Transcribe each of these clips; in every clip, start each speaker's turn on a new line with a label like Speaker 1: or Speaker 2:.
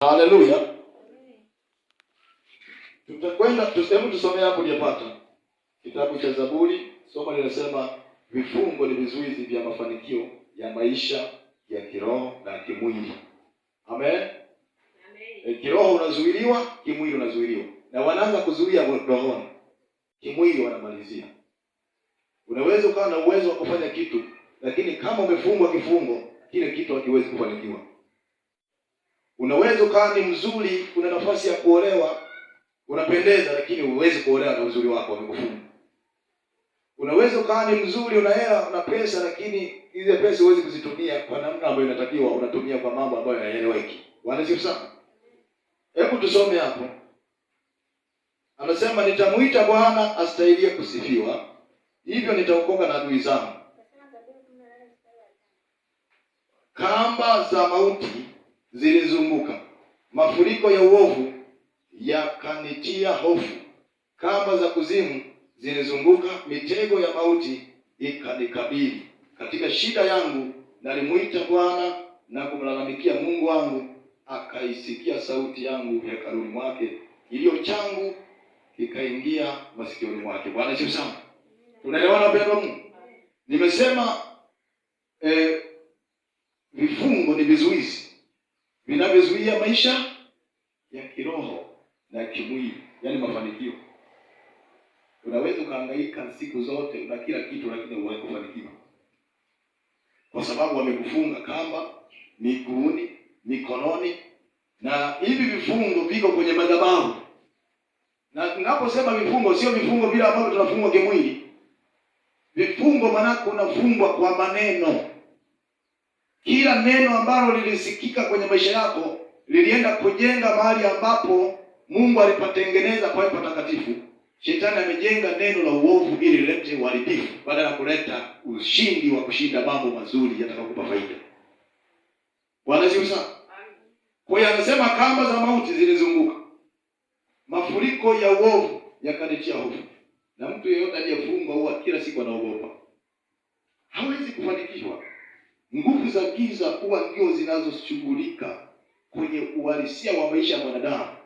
Speaker 1: Haleluya. Tutakwenda tuseme tusomee hapo niapata. Kitabu cha Zaburi somo linasema vifungo ni vizuizi vya mafanikio ya maisha ya kiroho na kimwili. Amen. Amen. E, kiroho unazuiliwa, kimwili unazuiliwa. Na wanaanza kuzuia rohoni. Kimwili wanamalizia. Unaweza ukawa na uwezo wa kufanya kitu, lakini kama umefungwa kifungo, kile kitu hakiwezi kufanikiwa. Unaweza ukawa ni mzuri, una nafasi ya kuolewa, unapendeza, lakini huwezi kuolewa na uzuri wako umekufunga. Unaweza ukawa ni mzuri, una hela, una pesa, lakini hizo pesa huwezi kuzitumia kwa namna ambayo inatakiwa, unatumia kwa mambo ambayo hayaeleweki. Bwana sifu sana. Hebu tusome hapo. Anasema nitamuita Bwana astahilie kusifiwa, hivyo nitaokoka na adui zangu. Kamba za mauti zilizunguka. Mafuriko ya uovu yakanitia hofu, kamba za kuzimu zilizunguka, mitego ya mauti ikanikabili. Katika shida yangu nalimwita Bwana na kumlalamikia Mungu wangu, akaisikia sauti yangu hekaluni mwake, iliyo changu ikaingia masikioni mwake. Bwana Yesu sana, tunaelewana wapendwa Mungu. Nimesema eh, vifungo ni vizuizi vinavyozuia maisha ya kiroho na kimwili, yaani mafanikio. Unaweza ukahangaika siku zote na kila kitu, lakini huwezi kufanikiwa kwa sababu wamekufunga kamba miguuni, mikononi, na hivi vifungo viko kwenye madhabahu. Na ninaposema vifungo, sio vifungo vile ambavyo tunafungwa kimwili. Vifungo maana kunafungwa kwa maneno kila neno ambalo lilisikika kwenye maisha yako lilienda kujenga mahali ambapo Mungu alipatengeneza pale patakatifu. Shetani amejenga neno la uovu ili lilete uharibifu badala ya kuleta ushindi wa kushinda mambo mazuri yatakayokupa faida. Bwana siku sana. Kwa hiyo anasema kamba za mauti zilizunguka. Mafuriko ya uovu yakaletia hofu. Na mtu yeyote aliyefungwa huwa kila siku anaogopa. Hawezi kufanikishwa nguvu za giza huwa ndio zinazoshughulika kwenye uhalisia wa maisha ya mwanadamu.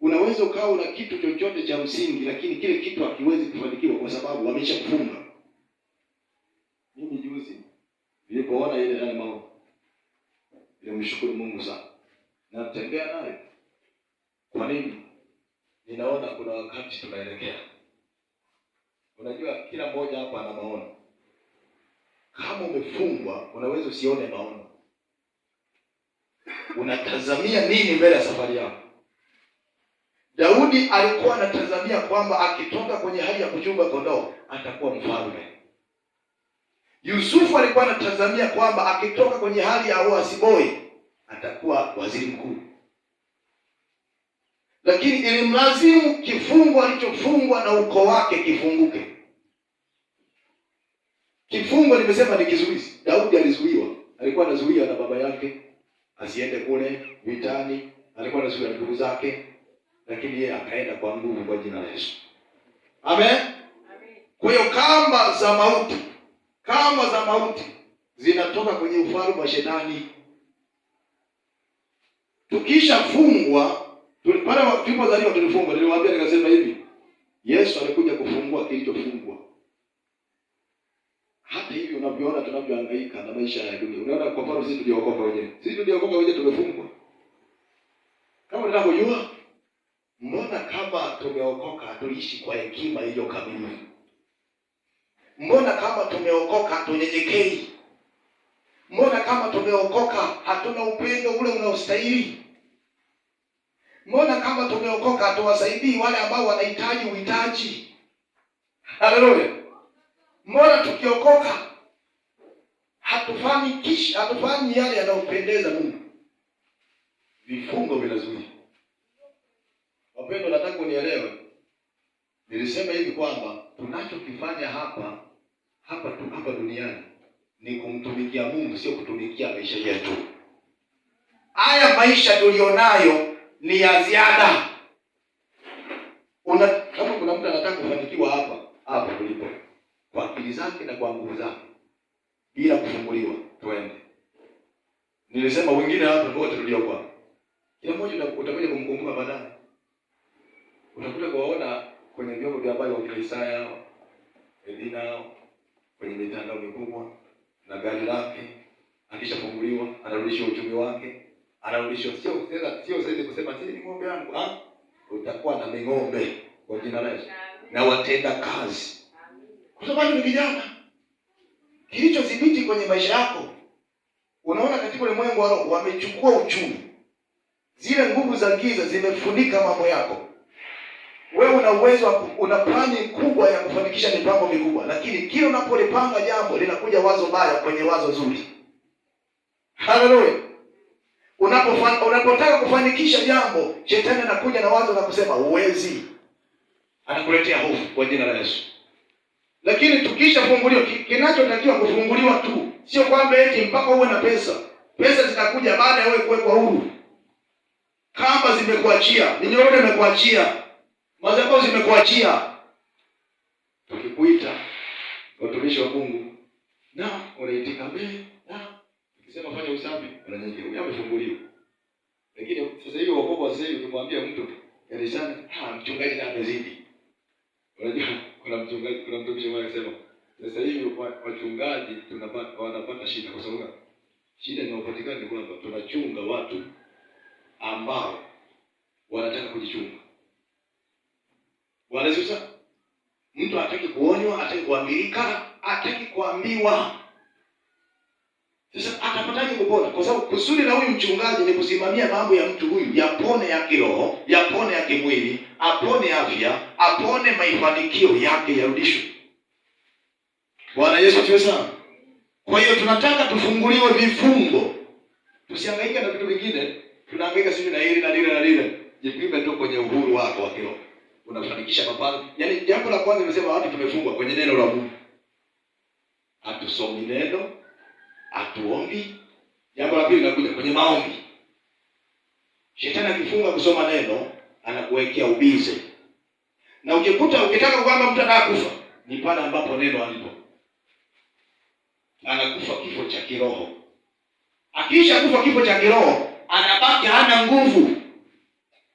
Speaker 1: Unaweza ukawa na kitu chochote cha msingi, lakini kile kitu hakiwezi kufanikiwa kwa sababu wameshakufunga. Mimi juzi nilipoona ile ndani mao, nilimshukuru Mungu sana, natembea nayo. Kwa nini? Ninaona kuna wakati tunaelekea. Unajua, kila mmoja hapa ana maono kama umefungwa, unaweza usione maono. Unatazamia nini mbele ya safari yako? Daudi alikuwa anatazamia kwamba akitoka kwenye hali ya kuchunga kondoo atakuwa mfalme. Yusufu alikuwa anatazamia kwamba akitoka kwenye hali ya uasiboi atakuwa waziri mkuu, lakini ilimlazimu kifungo alichofungwa na ukoo wake kifunguke. Kifungo nimesema ni kizuizi. Daudi alizuiwa, alikuwa anazuiwa na baba yake asiende kule vitani, alikuwa anazuiwa na ndugu zake, lakini yeye akaenda kwa nguvu kwa jina la Yesu. Amen, Kwa hiyo kamba za mauti, kamba za mauti zinatoka kwenye ufalme wa Shetani. Tukishafungwa tulipata, tulipozaliwa tulifungwa. Niliwaambia nikasema hivi, Yesu alikuja kufungua kilichofungwa tunavyoona tunavyohangaika na maisha ya dunia. Unaona, kwa mfano sisi tuliokoka wenyewe, sisi tuliokoka wenyewe tumefungwa kama ninavyojua, Mbona kama tumeokoka hatuishi kwa hekima hiyo kamili? Mbona kama tumeokoka hatunyenyekei? Mbona kama tumeokoka hatuna upendo ule unaostahili? Mbona kama tumeokoka hatuwasaidii wale ambao wanahitaji uhitaji? Haleluya! Mbona tukiokoka hatufanikishi, hatufanyi yale yanayopendeza Mungu. Vifungo vinazuia. Wapendwa, nataka unielewe. Nilisema hivi kwamba tunachokifanya hapa hapa tu hapa duniani ni kumtumikia Mungu, sio kutumikia maisha yetu. Haya maisha nayo ni ya ziada. Una, kama kuna mtu anataka kufanikiwa hapa hapa kulipo kwa akili zake na kwa nguvu zake bila kufunguliwa, twende. Nilisema wengine hapa ndio watarudia kwa. kila mmoja utakuja kumkumbuka baadaye, utakuja kuwaona kwenye vyombo vya habari, wa Wakristo Elina kwenye mitandao mikubwa na gari lake, akishafunguliwa anarudisha uchumi wake, anarudisha sio tena, sio zaidi kusema sisi ni ng'ombe yangu. Ah, utakuwa na ming'ombe kwa jina la Yesu na watenda kazi, kwa sababu ni vijana dhibiti kwenye maisha yako. Unaona, katika ulimwengu wa roho wamechukua uchumi, zile nguvu za giza zimefunika mambo yako. Wewe una uwezo, una plani kubwa ya kufanikisha mipango mikubwa, lakini kila unapolipanga jambo linakuja wazo baya kwenye wazo zuri. Haleluya! Unapotaka kufanikisha jambo, shetani anakuja na wazo la kusema uwezi, anakuletea hofu kwa jina la Yesu. Lakini tukishafunguliwa, kinachotakiwa kufunguliwa tu, sio kwamba eti mpaka uwe na pesa. Pesa zitakuja baada ya wewe kuwekwa huru. Kamba zimekuachia, minyororo imekuachia, madhabahu zimekuachia. Tukikuita watumishi wa Mungu na unaitika mbele na ukisema fanya usafi, unanyanyia huyo amefunguliwa. Lakini sasa hivi wokovu, sasa hivi ukimwambia mtu yaani ah, mchungaji na amezidi, unajua kuna mchungaji, kuna mtumishi mmoja akasema sasa hivi wachungaji tunapata wanapata shida, kwa sababu shida inayopatikana ni kwamba tunachunga watu ambao wanataka kujichunga, wanazusa mtu hataki kuonywa, hataki kuambilika, hataki kuambiwa sasa atapataje kupona? Kwa sababu kusudi la huyu mchungaji ni kusimamia mambo ya mtu huyu, yapone ya kiroho, yapone ya kimwili, apone afya, apone mafanikio yake yarudishwe. Bwana Yesu tuwe sana. Kwa hiyo tunataka tufunguliwe vifungo, tusihangaike na vitu vingine. Tunahangaika sisi na hili na lile na lile. Jipime tu kwenye uhuru wako wa kiroho, unafanikisha mapana. Yaani jambo la kwanza nimesema watu tumefungwa kwenye neno la Mungu, hatusomi neno hatuombi. Jambo la pili linakuja kwenye maombi. Shetani akifunga kusoma neno anakuwekea ubize, na ukikuta ukitaka kwamba mtu anakufa ni pale ambapo neno alipo, anakufa kifo cha kiroho. Akiisha kufa kifo cha kiroho, anabaki hana nguvu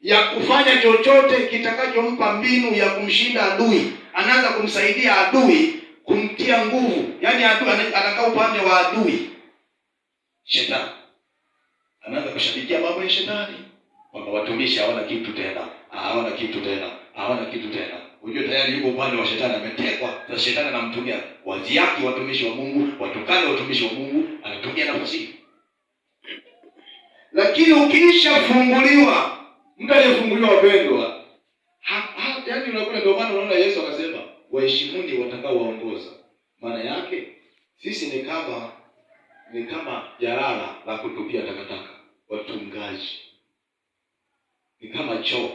Speaker 1: ya kufanya chochote kitakachompa mbinu ya kumshinda adui. Anaanza kumsaidia adui kumtia nguvu, yaani adui anakaa upande wa adui shetani, anaanza kushabikia mambo ya shetani kwamba watumishi hawana kitu tena, hawana kitu tena, hawana kitu tena. Unajua tayari yuko upande wa shetani, ametekwa. Sasa shetani anamtumia waziaki watumishi wa Mungu, watukane watumishi wa Mungu, anatumia nafasi hiyo. Lakini ukishafunguliwa, mtu aliyefunguliwa, wapendwa, ha, ha, yaani unakuwa, ndio maana unaona Yesu akasema waheshimuni watakaowaongoza. Maana yake sisi ni kama ni kama jalala la kutupia takataka, watungaji ni kama choo,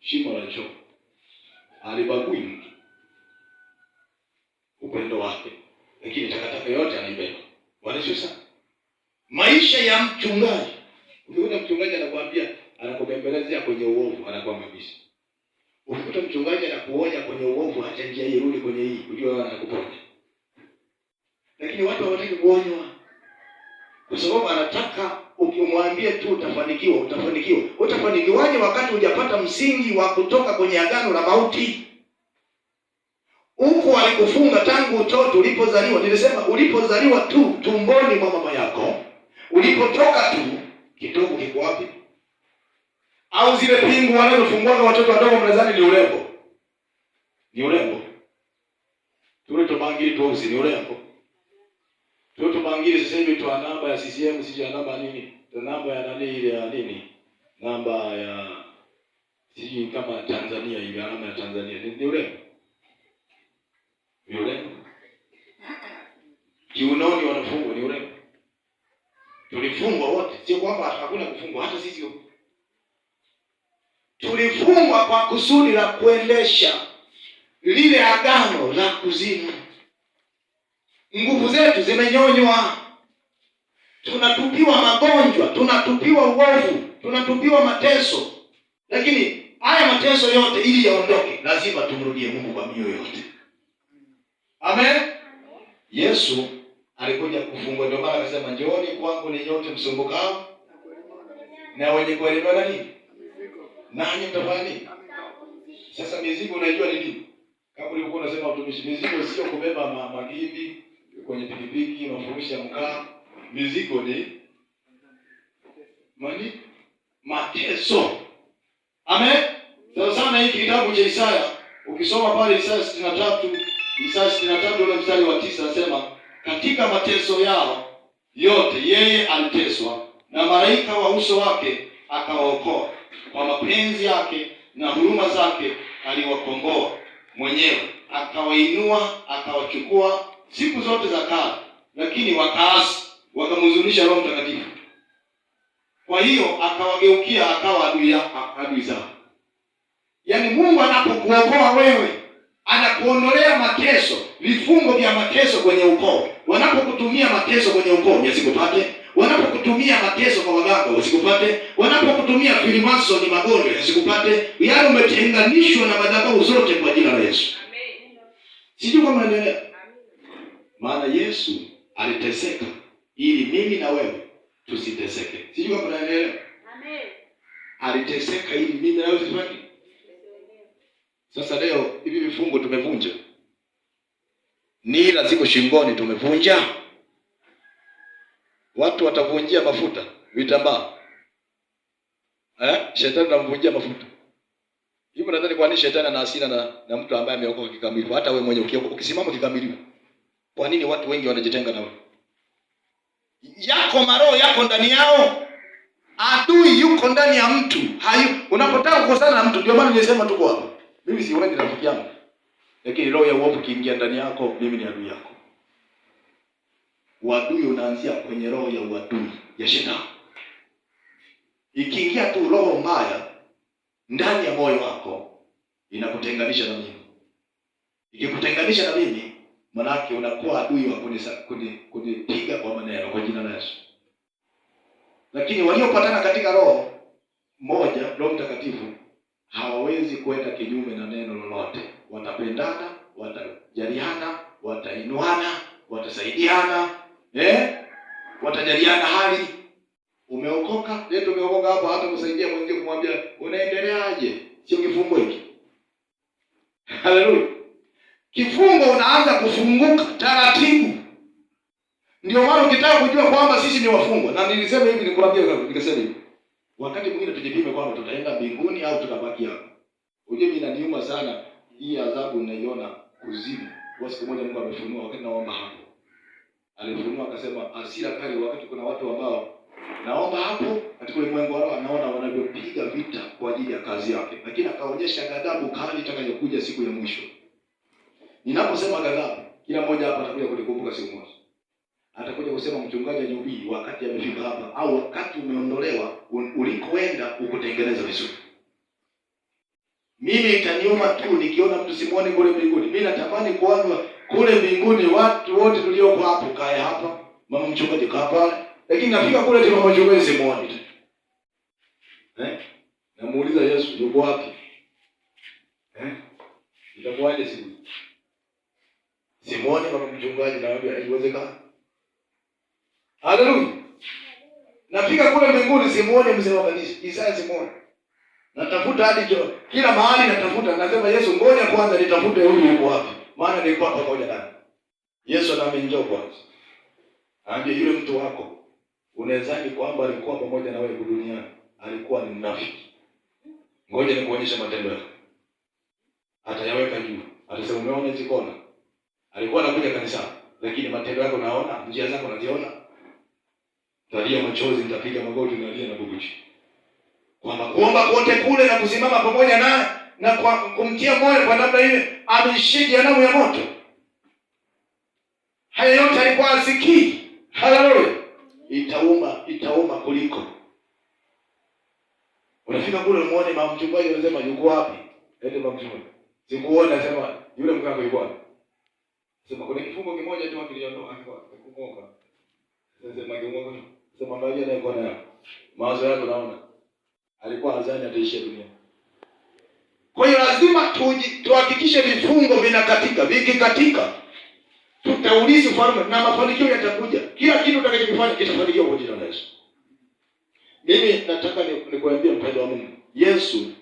Speaker 1: shimo la choo, alibagui mtu upendo wake, lakini takataka yote anaibeba. sana maisha ya mchungaji. Ukiona mchungaji anakwambia, anakubembelezea kwenye uovu, anakuwa kabisa Ukikuta mchungaji anakuonya kwenye uovu, acha njia hii, rudi kwenye hii, ujua anakuponya. Lakini watu hawataki kuonywa, kwa sababu anataka ukimwambie tu utafanikiwa, utafanikiwa. Utafanikiwaje wakati hujapata msingi wa kutoka kwenye agano la mauti? Huko alikufunga tangu utoto, ulipozaliwa. Nilisema ulipozaliwa tu tumboni mwa mama yako, ulipotoka tu, kitovu kiko wapi? au zile pingu wanazofunguaga watoto wadogo mnadhani ni urembo? Ni urembo tule tubangili tuausi, ni urembo tule tubangili. Sasa hivi tu namba ya CCM, si ya namba nini, namba ya nani ile ya nini, namba ya sisi kama Tanzania ile alama ya Tanzania ni, ni urembo, ni urembo. Kiunoni wanafungwa, ni urembo. Tulifungwa wote, sio kwamba hakuna kufungwa, hata sisi tulifungwa kwa kusudi la kuendesha lile agano la kuzimu. Nguvu zetu zimenyonywa, tunatupiwa magonjwa, tunatupiwa uovu, tunatupiwa mateso, lakini haya mateso yote ili yaondoke, lazima tumrudie Mungu kwa mioyo yote. Amen. Yesu alikuja kufungua, ndio maana akasema, njooni kwangu ni nyote msumbukao na wenye kuelemewa na nini nanyi mtafanya nini? Sasa mizigo unajua ni nini? Kama ulikuwa unasema utumishi, mizigo sio kubeba magimbi kwenye pikipiki, mafurushi ya mkaa. Mizigo ni mani mateso. Amen. Sasa sana hiki kitabu cha Isaya, ukisoma pale Isaya 63, Isaya 63 ule mstari wa 9 anasema, katika mateso yao yote yeye aliteswa na malaika wa uso wake akawaokoa kwa mapenzi yake na huruma zake aliwakomboa mwenyewe, akawainua, akawachukua siku zote za kale, lakini wakaasi, wakamhuzunisha Roho Mtakatifu. Kwa hiyo akawageukia, akawa adui adui zao. Yaani Mungu anapokuokoa wewe, anakuondolea mateso, vifungo vya mateso kwenye ukoo. Wanapokutumia mateso kwenye ukoo, yasikupate wanapokutumia mateso kwa waganga usikupate, wanapokutumia filimaso ni magonjwa usikupate, Yale umetenganishwa na madhabahu zote kwa jina la Yesu. Sijui kama unaelewa. maana Yesu aliteseka ili mimi na wewe tusiteseke. Sijui kama unaelewa. Amen. aliteseka ili mimi na wewe tusiteseke. Sasa leo hivi vifungo tumevunja, nila ziko shingoni tumevunja watu watavunjia mafuta vitambaa eh? Shetani atamvunjia mafuta hivyo. Nadhani kwa nini shetani ana hasira na, na mtu ambaye ameokoka kikamilifu? Hata wewe mwenyewe ukisimama kikamilifu, kwa nini watu wengi wanajitenga na wewe? Yako maroho yako ndani yao, adui yuko ndani ya mtu hayu. Unapotaka kukosana na mtu, ndio maana nilisema tuko hapa. Mimi sioni rafiki yangu, lakini roho ya uovu kiingia ndani yako, mimi ni adui yako uadui unaanzia kwenye roho ya uadui ya shetani. Ikiingia tu roho mbaya ndani ya moyo wako, inakutenganisha na mimi. Ikikutenganisha na mimi, manake unakuwa adui wa kunipiga kwa maneno, kwa jina la Yesu. Lakini waliopatana katika roho moja, Roho Mtakatifu, hawawezi kwenda kinyume na neno lolote. Watapendana, watajaliana, watainuana, watasaidiana eh, watajaliana hali. Umeokoka leo, eh, tumeokoka hapa, hata kusaidia mwingine, kumwambia unaendeleaje, sio kifungo hiki. Haleluya! Kifungo unaanza kufunguka taratibu. Ndio maana ukitaka kujua kwamba sisi ni wafungwa, na nilisema hivi, nikuambia kwa nikasema hivi, wakati mwingine tujipime kwamba tutaenda mbinguni au tutabaki hapa. Unajua, mimi inaniuma sana hii adhabu, naiona kuzimu. Kwa siku moja Mungu amefunua wakati naomba hapo alihudumiwa akasema, hasira ah, kali, wakati kuna watu ambao naomba hapo katika ulimwengu wao anaona wanavyopiga vita kwa ajili ya kazi yake, lakini akaonyesha ghadhabu kali itakayokuja siku ya mwisho. Ninaposema ghadhabu, kila mmoja hapa atakuja kulikumbuka siku moja, atakuja kusema mchungaji anihubiri wakati amefika hapa, au wakati umeondolewa ulikoenda ukutengeneza vizuri. Mimi itaniuma tu nikiona mtu simuoni kule mbinguni. Mimi natamani kuonwa kule mbinguni watu wote tulioko hapo, kaya hapa, mama mchungaji kaa pale, lakini nafika kule tena tuna mchungaji simuoni tu eh, namuuliza Yesu, yuko wapi eh, itakuwaje siku simuoni mama mchungaji? Naambia haiwezekani. Haleluya! Nafika kule mbinguni simuoni mzee wa kanisa Isaya, simuoni natafuta hadi jo kila mahali, natafuta nasema Yesu, ngoja kwanza nitafute huyu yuko wapi maana nilikuwa pamoja naye. Yesu nami njoo kwanza, aambie yule mtu wako, unawezaje kwamba alikuwa pamoja na wewe duniani? Alikuwa ni mnafiki. Ngoja nikuonyeshe matendo yake, atayaweka juu, atasema umeona hizi kona, alikuwa anakuja kanisa, lakini matendo yako naona, njia zako naziona, talia machozi, nitapiga magoti, na nalia na bubuchi, kwamba kuomba kote kule na kusimama pamoja naye na kwa kumtia moyo kwa namna ile, ameishia jehanamu ya moto. Haya yote alikuwa asikii. Haleluya! Itauma, itauma kuliko unafika kule muone mama mchungaji, unasema yuko wapi? Ende mama mchungaji, sikuona. Sema yule mkango yuko wapi? Sema kuna kifungo kimoja tu kiliondoka kukumbuka. Sema kimoja, sema mmoja naye kwa nayo mawazo yako, naona alikuwa azani ataishia dunia kwa hiyo lazima tuhakikishe vifungo vinakatika. Vikikatika tutaulizi ufalme na mafanikio yatakuja. Kila kitu utakachokifanya kitafanikiwa kwa jina la Yesu. Mimi nataka nikuambia mpendo wa Mungu, Yesu